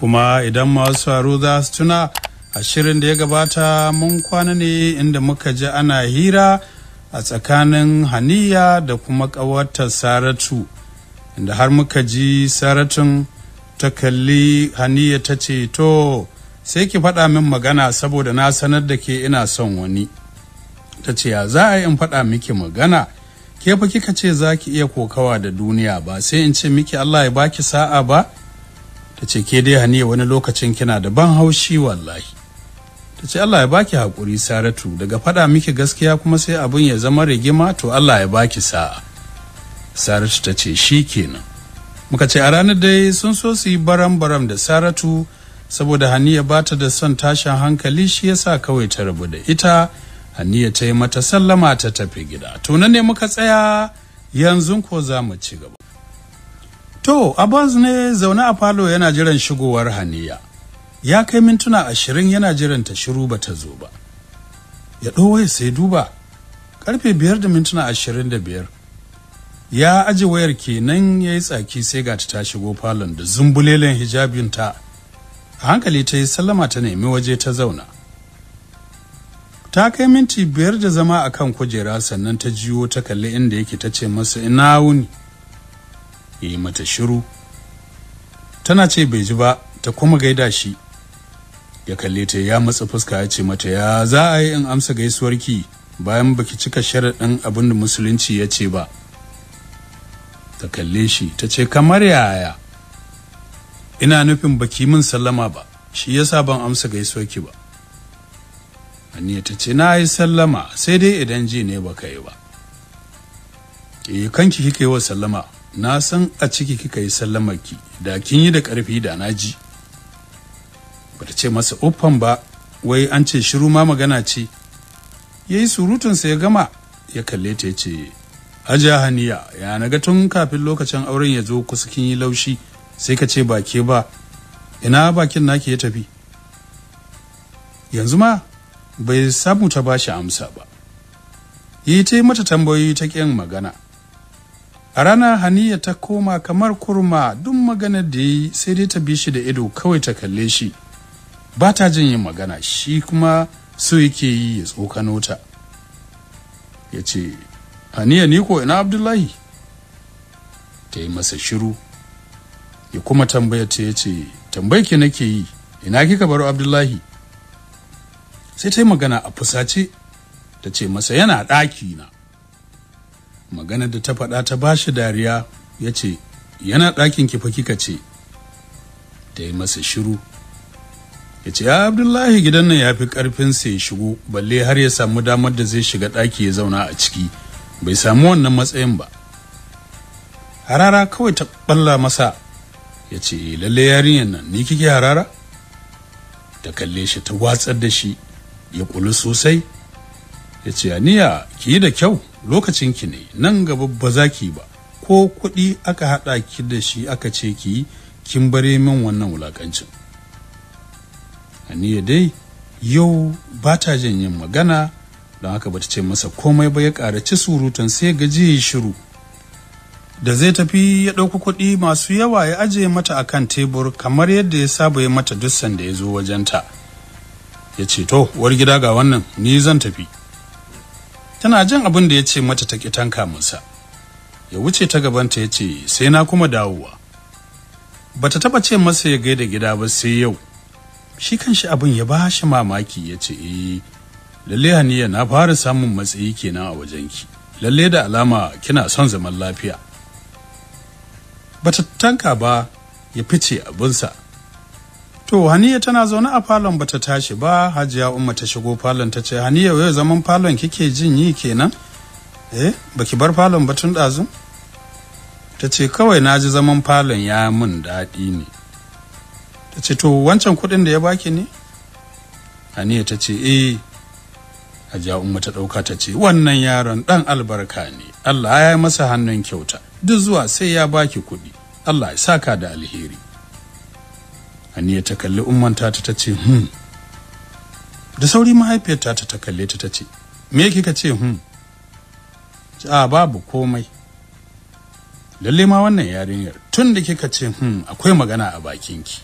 kuma idan masu faru za su tuna a shirin da ya gabata mun kwana ne inda muka ji ana hira a tsakanin haniya da kuma ƙawarta saratu inda har muka ji saratun ta kalli haniya ta ce to sai ki faɗa min magana saboda na sanar da ke ina son wani ta ce ya za a yi in faɗa miki magana ke fa kika ce za ki iya kokawa da duniya ba sai in ce miki allah ya baki sa'a ba ta ce ke dai haniya wani lokacin kina da ban haushi wallahi ta ce Allah ya baki haƙuri saratu daga faɗa miki gaskiya kuma sai abun ya zama rigima to Allah ya baki sa'a saratu ta ce shi kenan muka ce a ranar dai sun so su yi baram baram da saratu saboda haniya ba ta da son tashin hankali shi yasa kawai ta rabu da ita haniya ta yi mata sallama ta tafi gida to ne muka tsaya yanzu ko za mu ci gaba To, Abbas ne zaune a falo yana jiran shigowar Haniya. Ya kai mintuna ashirin yana jiran ta shiru ba ta zo ba. Ya ɗo sai duba, karfe biyar da mintuna ashirin da biyar. Ya aji wayar kenan ya yi tsaki sai ga ta shigo falon da zumbulelen hijabinta. A hankali ta yi sallama ta nemi waje ta zauna. Ta kai minti biyar da zama a kan kujera sannan ta jiyo ta kalli inda yake ta ce masa ina wuni. yi mata shiru tana ce bai ji ba ta kuma gaida shi ya kalle ta ya matsa fuska ya ce mata ya za a yi in amsa gaisuwar ki, bayan baki cika sharaɗin abin da musulunci ya ce ba ta kalle shi ta ce kamar yaya ina nufin baki min sallama ba shi yasa ban amsa ki ba aniya ta ce na yi sallama sai dai idan ji ne baka yi ba e kanki kike wa sallama na san a ciki kika yi sallamarki da kin yi da ƙarfi da na ji bata ce masa uffan ba wai an ce shiru ma magana ce ya yi surutunsa ya gama ya kalle ta ya ce hajiya haniya ya naga tun kafin lokacin auren ya zo kusa kin yi laushi sai ka ce ba ba ina bakin naki ya tafi yanzu ma bai samu ta bashi amsa ba yi ta yi mata tambayoyi ta ƙin magana a ranar haniya ta koma kamar kurma duk maganar da ya yi sai dai ta bi shi da ido kawai ta kalle shi ba ta jin yin magana shi kuma so yake yi ya tsokano ta ya ce haniya ni ko ina abdullahi ta yi masa shiru ya kuma tambaya ta ya ce tambayki nake yi ina kika baro abdullahi sai ta yi magana a fusace ta ce masa yana ɗaki na magana da ta faɗa ta ba shi dariya ya ce yana ɗakin kifa kika ce ta yi masa shiru ya ce ya abdullahi gidan nan ya fi ƙarfinsa ya shigo balle har ya samu damar da zai shiga ɗaki ya zauna a ciki bai samu wannan matsayin ba harara kawai ta ɓalla masa ya ce eh, lalle yarinyar nan ni kike harara ta kalle shi ta watsar da shi ya kulu sosai ya ce aniya ki yi da kyau lokacin ki ne nan gaba ba za ki ba ko kuɗi aka haɗa ki da shi aka ce ki kin bare min wannan wulakancin aniya dai yau ba ta jin yin magana don haka bata ce masa komai ba ya ƙara ci surutan sai gaji ya shiru da zai tafi ya ɗauki kuɗi masu yawa ya ajiye mata a kan tebur kamar yadda ya saba ya mata duk sanda ya zo wajenta ya ce to uwar gida ga wannan ni zan tafi tana jin abin da ya ce mata ta ƙi tanka musa ya wuce ta gabanta ya ce sai na kuma dawowa bata taɓa ce masa ya gaida gida ba sai yau shi kan shi abin ya ba shi mamaki ya ce eh lalle haniya na fara samun matsayi kenan a wajen ki. lalle da alama kina son zaman lafiya bata tanka ba ya fice abinsa To Haniya tana zaune a falon bata tashi ba Hajiya Umma ta shigo falon ta ce Haniya yau zaman falon kike jin yi kenan? Eh baki bar falon ba tun dazu? Ta ce kawai na ji zaman falon ya mun daɗi ne. Ta ce to wancan kuɗin da ya baki ne? Haniya ta ce eh Hajiya Umma ta ɗauka ta ce wannan yaron ɗan albarka ne Allah ya yi masa hannun kyauta duk zuwa sai ya baki kuɗi Allah ya saka da alheri. aniya ta kalli ummanta ta ta ce hmm da sauri mahaifiyarta ta ta kalle ta tace me kika ce hmm a ah, babu komai lalle ma wannan yarinyar tun da kika ce hmm akwai magana a bakinki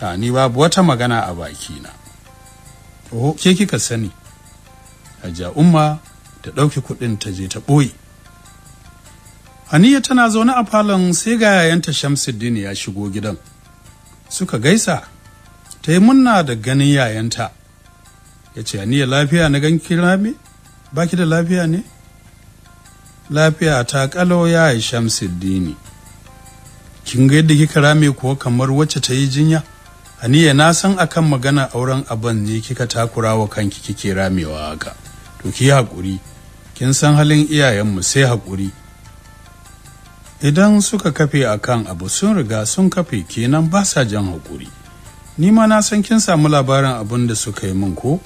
a ni babu wata magana a bakina oh ke kika sani ja umma ta ɗauki kuɗin ta je ta ɓoye Haniya tana zaune a falon sai ga yayanta Shamsuddin ya shigo gidan. suka gaisa ta yi munna da ganin yayanta ya ce ni lafiya na gan kirame ba da lafiya ne lafiya ta kalo ya yi shamsiddini kin ga yadda kika rame kuwa kamar wacce ta yi jinya aniya na san akan magana auren abin ne kika takura wa kanki kike ramewa haka to ki haƙuri kin san halin iyayenmu sai haƙuri idan suka kafe a kan abu sun riga sun kafe kenan ba sa jan hakuri. ni ma na san kin samu labarin abin da suka yi min ko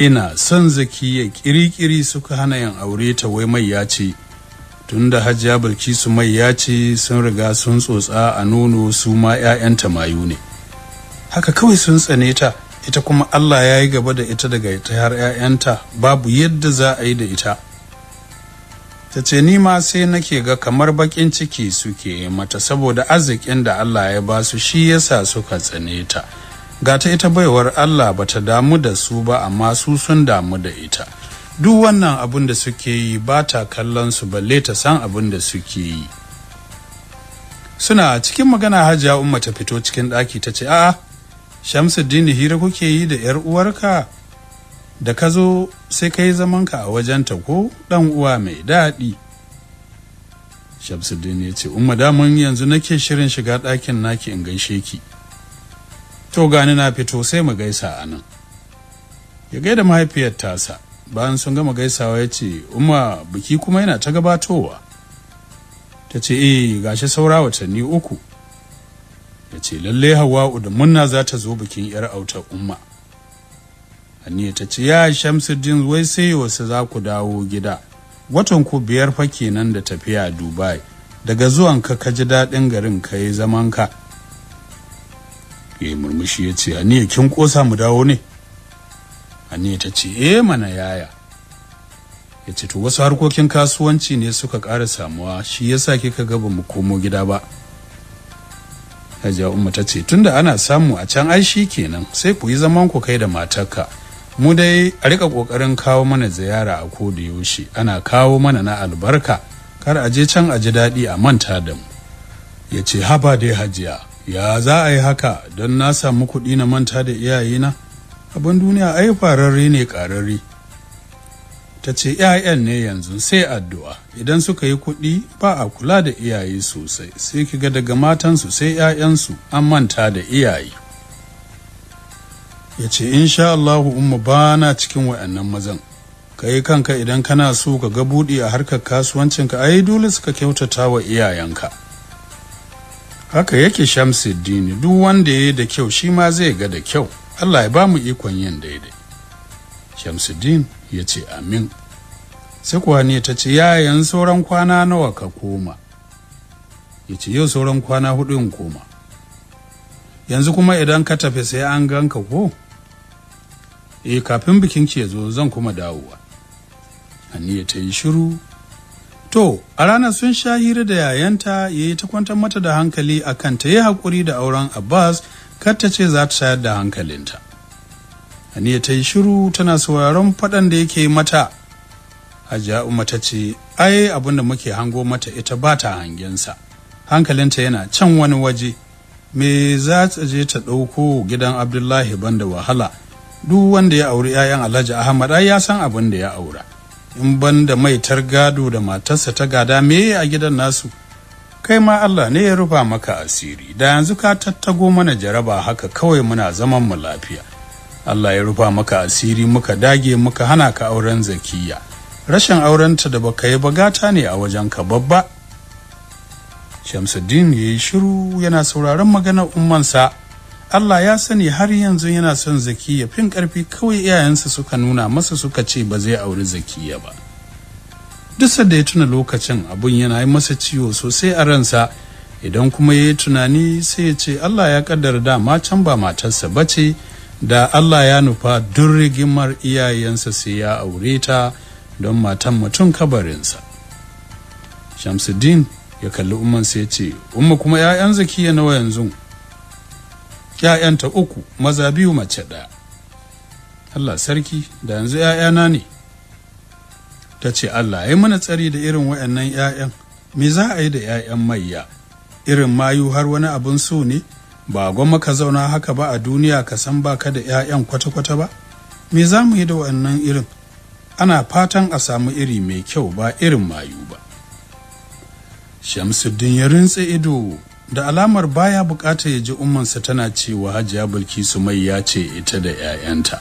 ina son zaki ya kirikiri suka hana yin aure ta wai mai ya ce tun da hajiya bilkisu mai ya ce sun riga sun tsotsa a nono su ma 'ya'yanta mayu ne haka kawai sun tsane ta ita kuma allah ya yi gaba da ita daga ita har 'ya'yanta babu yadda za a yi da ita ta ce ni ma sai nake ga kamar bakin ciki suke mata saboda arzikin da Allah ya ba su shi yasa suka tsane ta ga ta ita baiwar Allah ba ta damu da su ba amma su sun damu da ita duk wannan abin da suke yi ba ta kallon su balle ta san abin da suke yi suna cikin magana hajiya umma ta fito cikin ɗaki ta ce a'a shamsuddin hira kuke yi da yar uwarka da ka zo sai ka yi zamanka a wajenta ko ɗan uwa mai daɗi shamsuddin ya ce umma damun yanzu nake shirin shiga ɗakin naki in gaishe ki to gani na fito sai mu gaisa a nan ya gaida mahaifiyar tasa bayan sun gama gaisawa ya ce umma biki kuma yana ta gabatowa ta ce eh gashi saura watanni uku ya ce lallai hawa'u da munna za ta zo bikin 'yar autar umma aniya ta ce ya shamsuddin wai sai wasu za ku dawo gida watan ku biyar fa kenan da tafiya dubai daga zuwan ka ka ji daɗin garin ka yi zaman ka ya murmushi ya ce aniya kin kosa mu dawo ne aniya ta ce eh mana yaya ya ce to wasu harkokin kasuwanci ne suka ƙara samuwa shi yasa kika ga ba mu komo gida ba hajiya umma ta ce tunda ana samu a can ai shi kenan sai ku yi zaman ku kai da matarka mu dai a rika kokarin kawo mana ziyara a ko da yaushe ana kawo mana na albarka kar a je can a ji daɗi a manta da mu ya ce haba dai hajiya ya za a yi haka don na samu kuɗi na manta da iyayena abin duniya ai fararre ne ƙararre ta ce 'ya'yan ne yanzu sai addu'a idan suka yi kuɗi ba a kula da iyaye sosai sai kiga daga matansu sai 'ya'yansu an manta da iyaye ya ce sha Allahu umma ba na cikin wa'annan mazan Ka yi kanka idan kana so ka ga buɗi a harkar kasuwancinka ai dole suka kyautata wa iyayenka haka yake shamsiddini duk wanda ya yi da kyau shi ma zai ga da kyau Allah ya ba mu ikon yin daidai shamsiddin ya ce amin sai kuwa ne ta ce yayan sauran kwana nawa ka koma ya ce yau sauran kwana hudu in koma yanzu kuma idan ka tafi sai an ganka ko eh kafin bikin ki ya zo zan kuma dawowa aniya ta yi shiru to a ranar sun sha hira da yayanta ya yi ta kwantar mata da hankali akan ta yi haƙuri da auren abbas kar ta ce za ta shayar da hankalinta aniya ta yi shiru tana sauraron faɗan da yake mata hajiya umma ta ce ai abin muke hango mata ita ba ta hangensa hankalinta yana can wani waje me za ta je ta ɗauko gidan abdullahi banda wahala duk wanda ya auri 'ya'yan alhaji ahmad ai ya san abin da ya aura in banda da maitar gado da matarsa ta gada me a gidan nasu kai ma allah ne ya rufa maka asiri da yanzu ka tattago mana jaraba haka kawai muna zaman mu lafiya allah ya rufa maka asiri muka dage muka hana ka auren zakiya rashin aurenta da baka yi bagata ne a wajen ka babba shamsuddin ya yi shiru yana sauraron maganar ummansa Allah ya sani har yanzu yana son zakiya fin karfi kawai iyayensa suka nuna masa suka ce ba zai auri zakiya ba duk da ya tuna lokacin abun yana yi masa ciwo sosai a ransa idan kuma ya yi tunani sai ya ce Allah ya kaddara dama can ba matarsa ba ce da Allah ya nufa duk rigimar iyayensa sai ya aure ta don matan mutum kabarinsa Shamsuddin ya kalli umman sai ya ce umma kuma 'ya'yan zakiya nawa yanzu 'ya'yanta uku maza biyu mace ɗaya allah sarki da yanzu 'ya'yana ne ta ce allah ya mana tsari da irin wayannan 'ya'yan me za a yi da 'ya'yan mayya irin mayu har wani abin so ne ba gwamma ka zauna haka ba a duniya ka san ba ka da 'ya'yan kwata-kwata ba me za mu yi da wayannan irin ana fatan a samu iri mai kyau ba irin mayu ba shamsuddin ya rintse ido da alamar baya bukata ya ji ummansa tana cewa hajiya bilkisu mai ya ce ita da 'ya'yanta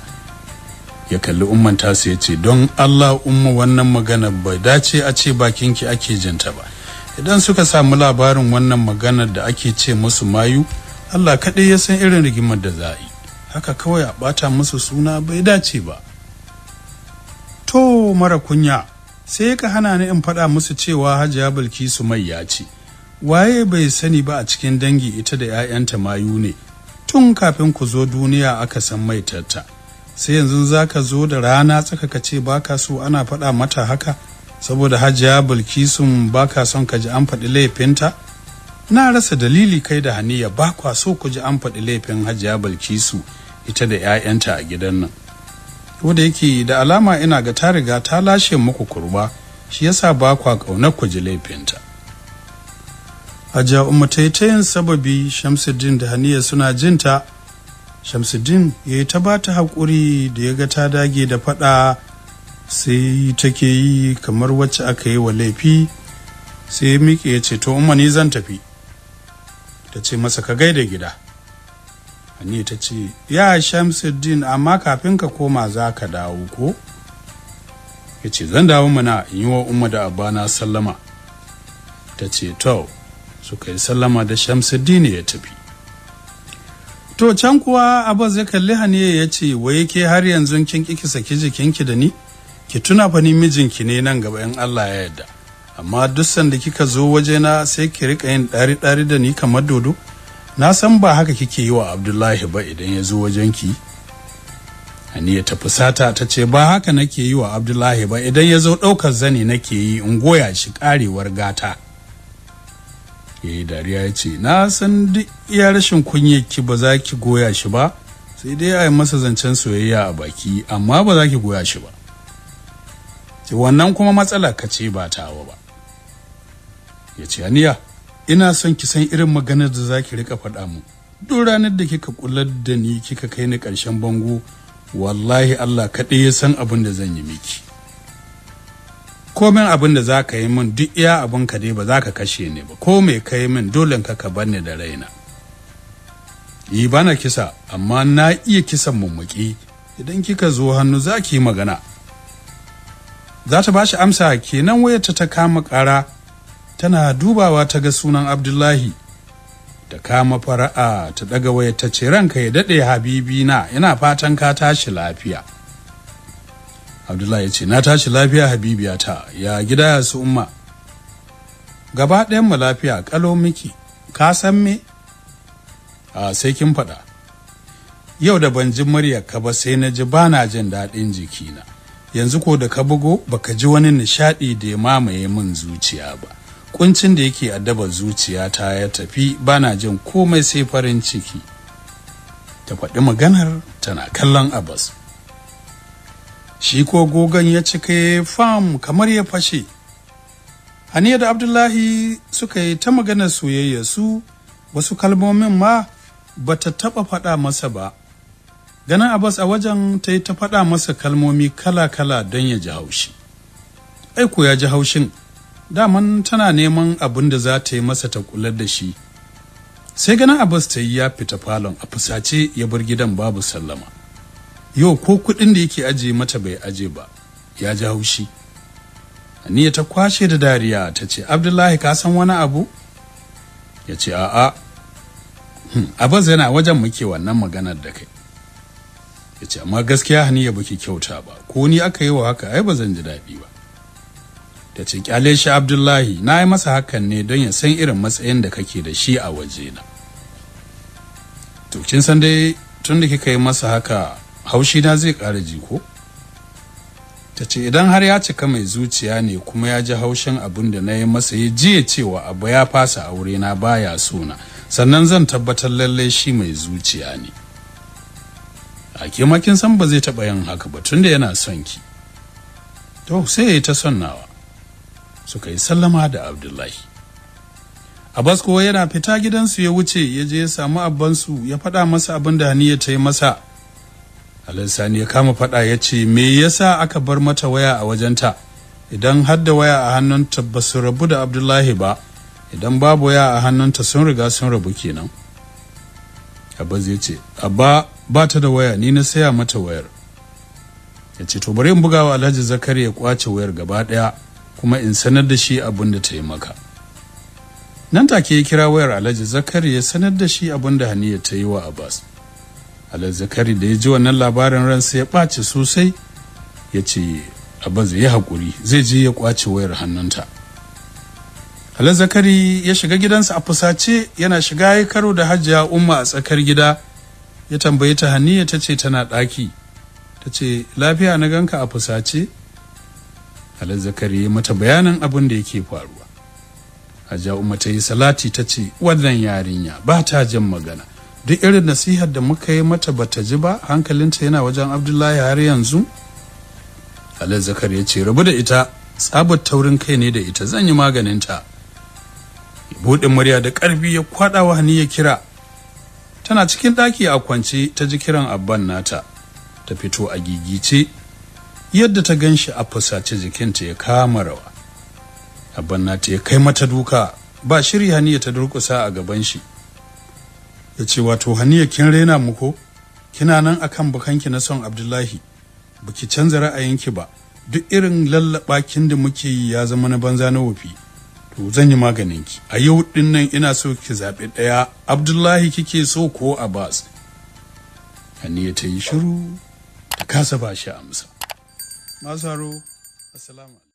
ya kalli ummanta su ya ce don allah umma wannan magana bai dace a ce bakinki ake jinta ba idan suka samu labarin wannan maganar da ake ce musu mayu allah kaɗai ya san irin rigimar da za a yi haka kawai a ɓata musu suna bai dace ba to mara kunya sai ka hana ni in faɗa musu cewa hajiya bilkisu mai ya ce waye bai sani ba a cikin dangi ita da 'ya'yanta mayu ne tun kafin ku zo duniya aka san mai tata sai yanzu za ka zo da rana tsaka ka ce ba ka so ana faɗa mata haka saboda hajiya bilkisun ba ka son ka ji an faɗi laifinta na rasa dalili kai da haniya ba kwa so ku ji an faɗi laifin hajiya bilkisu ita da 'ya'yanta a gidan nan ko da yake da alama ina ga ta riga ta lashe muku kurba shi yasa ba kwa ƙaunar ku ji laifinta a umma ta yi sababi shamsuddin da haniya suna jinta shamsuddin ya yi ta bata haƙuri da ya ga ta dage da faɗa sai take yi kamar wacce aka yi wa laifi sai ya miƙe ya ce to umma ni zan tafi ta ce masa ka gaida gida haniya ta ce ya shamsuddin amma kafin ka koma za ka dawo ko ya ce zan dawo mana in yi wa umma da abana sallama ta ce to suka yi sallama da shamsuddin ya tafi to can kuwa abbas ya kalli haniya ya ce wai ke har yanzu kin kiki saki jikinki da ni ki tuna fa ni mijinki ne nan gaba in allah ya yarda amma duk sanda kika zo wajena sai ki rika yin ɗari ɗari da ni kamar dodo na san ba haka kike yi wa abdullahi ba idan ya zo wajenki haniya ta fusata ta ce ba haka nake yi wa abdullahi ba idan ya zo ɗaukar zani nake yi in goya shi ƙarewar gata ya eh, yi dariya ya ce na san duk iya rashin ki ba za ki goya shi ba sai dai a yi masa zancen soyayya a baki amma ba za ki goya shi ba ce wannan kuma matsala ka ce ba tawa ba ya ce aniya ina son ki san irin maganar da za ki rika faɗa mu duk ranar da kika kular da ni kika kai ni ƙarshen bango wallahi Allah kaɗai ya san abin da zan yi miki komin abin da za ka yi min duk iya abin ka dai ba za ka kashe ni ba ko mai ka yi min dole ka ka bar ni da raina yi bana kisa amma na iya kisan mummuki idan kika zo hannu za ki yi magana za ta bashi amsa kenan wayarta ta kama kara tana dubawa ta ga sunan abdullahi ta kama fara'a ta daga wayar ce ranka ya daɗe habibi na yana fatan ka tashi lafiya abdullahi ya ce na tashi lafiya habibiyata ya gida ya su umma gaba mu lafiya kalo miki ka san me a sai kin faɗa yau da ban ji muryarka ba sai na ji bana jin daɗin jikina yanzu ko da ka bugo baka ji wani nishaɗi da ya mamaye min zuciya ba kuncin da yake addaba zuciyata ya tafi bana jin komai sai farin ciki ta faɗi maganar tana kallon abbas shi ko gogon ya cika fam kamar ya fashe haniya da abdullahi suka yi ta maganar soyayya su wasu kalmomin ma ba ta taɓa faɗa masa ba ganin abbas a wajen ta yi ta faɗa masa kalmomi kala-kala don ya ji haushi aiko ya ji haushin daman tana neman abin da za ta yi masa ta kular da shi sai ganin abbas ta yi ya fita falon a fusace ya bar gidan babu sallama yau ko kuɗin da yake aje mata bai aje ba ya ja haushi Aniya ta kwashe da dariya ta ce abdullahi ka san wani abu ya ce a'a hmm, abaz yana wajen muke wannan maganar da kai ya ce amma gaskiya haniya baki kyauta ba ko ni aka yi wa haka ai ba zan ji daɗi ba ta ce kyale shi abdullahi na yi masa hakan ne don ya san irin matsayin da kake da shi a waje na. to kin san dai tun da kika yi masa haka haushi na zai kara ji ko ta ce idan har ya cika mai zuciya ne kuma ya ji haushin abin da na yi masa ya jiya cewa abu ya fasa aure na baya sona sannan zan tabbatar lalle shi mai zuciya ne a kin san ba zai taba yin haka ba tunda yana son ki to sai ya ta son nawa suka yi sallama da abdullahi abbas kuwa yana fita gidansu ya wuce ya je ya samu abbansu ya faɗa masa abin da haniya ta yi masa Sani ya kama fada ya ce me yasa aka bar mata waya a wajenta idan har da waya a hannunta ba su rabu da Abdullahi ba idan babu waya a hannunta sun riga sun rabu kenan. Abba ya ce abba ba ta da waya ni na saya mata wayar. Ya ce to bari in buga wa Alhaji Zakari ya kwace wayar gaba daya kuma in sanar da shi abin da ta yi maka. Nan take ya kira wayar Alhaji Zakari ya sanar da shi abin da Haniya ta yi wa Abbas. zakari da ya ji wannan labarin ransa ya ɓaci sosai ya ce abaz ya haƙuri zai je ya kwace wayar hannunta alazakari ya shiga gidansa a fusace yana shiga ya karo da hajiya umma a tsakar gida ya tambaye ta haniya ta ce tana ɗaki ta ce lafiya na ganka a fusace alazakari ya mata bayanin abin da yake faruwa hajiya umma ta yi salati ta ce wannan yarinya ba ta jin magana duk irin nasihar da muka yi mata bata ji ba hankalinta yana wajen abdullahi har yanzu alai zakar ya ce rabu da ita tsabar taurin kai ne da ita zan yi maganinta buɗin murya da ƙarfi ya kwaɗa wa ya kira tana cikin ɗaki a kwance ta ji kiran abban nata ta fito a gigice yadda ta gan shi a fusace jikinta ya kama rawa abban nata ya kai mata duka ba shirya ya ta durƙusa a gaban shi Da cewa wato haniya kin raina mu ko kina nan akan bukanki na son abdullahi baki canza ra'ayinki ba duk irin lallaba kin da muke yi ya zama na banza na wofi to zan yi maganin ki a yau din nan ina so ki zaɓi ɗaya abdullahi kike so ko abbas haniya ta yi shiru ta kasa ba shi amsa masaro assalamu